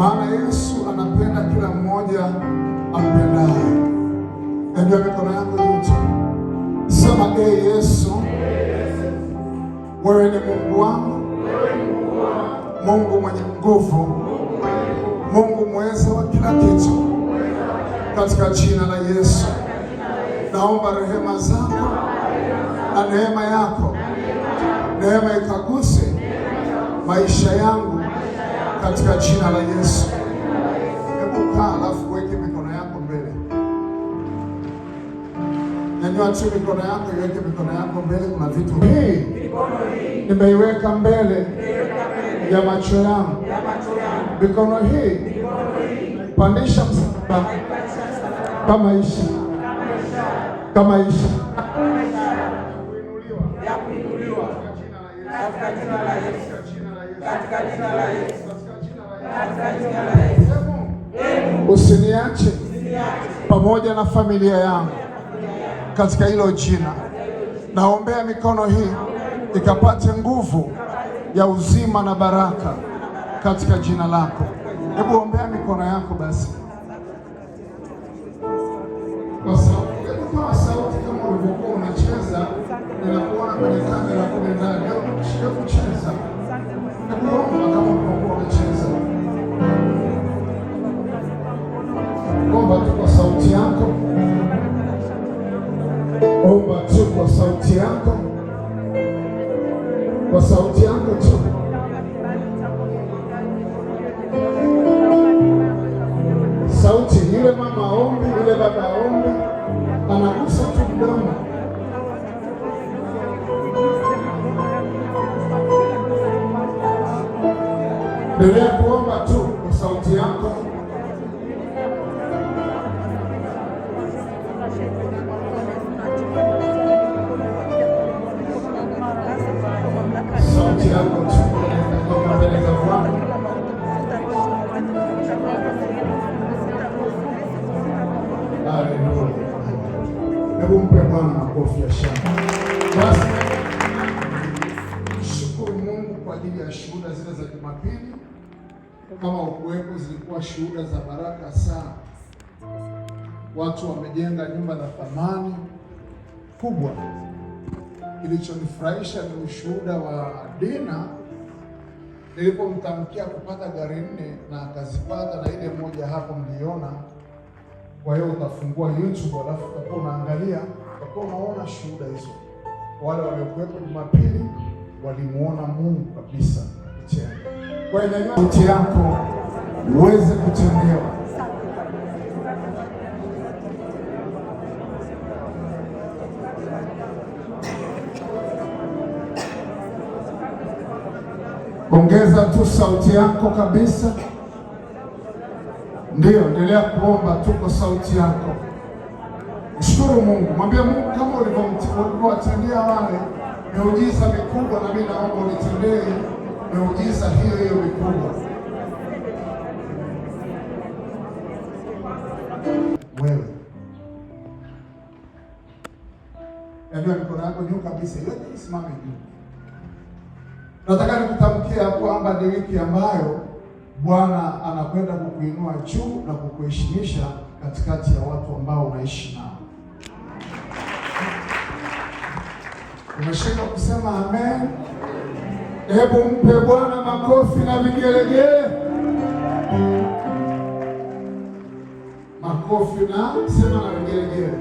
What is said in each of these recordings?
maana Yesu anapenda kila mmoja ampendaye. Endea mikono yako yote, sema ee Yesu, wewe ni Mungu wangu, Mungu mwenye nguvu, Mungu mweza wa kila kitu, katika jina la Yesu naomba rehema zako na neema yako, neema ikaguse maisha yangu katika jina la Yesu. Hebu kaa, alafu weke mikono yako mbele, nyanyua tu mikono yako, iweke mikono yako mbele. Kuna vitu hii nimeiweka mbele ya macho yangu, mikono hii pandisha msalaba kama isha kama isha ya kuinuliwa katika jina la Yesu. Usiniache pamoja na familia yangu katika hilo jina. Naombea mikono hii ikapate nguvu ya uzima na baraka katika jina lako. Hebu ombea mikono yako basi. Omba tu kwa sauti yako, omba tu kwa sauti yako, kwa sauti yako tu. Sauti yule mama ombi, yule baba ombi, anagusa tu mdomo. Endelea kuomba tu kwa sauti yako. Hebu mpe Bwana makofi ya shangwe. Basi mshukuru Mungu kwa ajili ya shuhuda zile za Jumapili, kama ukuwepo, zilikuwa shuhuda za baraka sana. Watu wamejenga nyumba za thamani kubwa. Kilichonifurahisha ni ushuhuda wa Dina nilipomtamkia kupata gari nne na akazipata, na ile moja hapo mliona kwa hiyo utafungua YouTube alafu utakuwa unaangalia, utakuwa unaona shuhuda hizo. Wale waliokuwepo Jumapili walimuona Mungu kabisa kupitia kwa nchi yako uweze kutendewa Ongeza tu sauti yako kabisa. Ndiyo, endelea kuomba tu kwa sauti yako. Mshukuru Mungu, mwambie Mungu kama ulivyowatendea wale miujiza mikubwa, na mimi naomba unitendee miujiza hiyo hiyo mikubwa. Wewe najua mikono yako juu kabisa, isimame juu. Nataka nikutamkia kwamba ni wiki ambayo Bwana anakwenda kukuinua juu na kukuheshimisha katikati ya watu ambao unaishi nao. Umeshika kusema amen? Hebu mpe Bwana makofi na vigelegele, makofi na sema na vigelegele.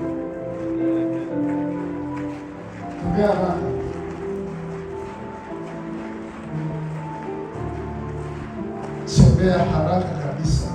Ongea bana. kutembea haraka kabisa.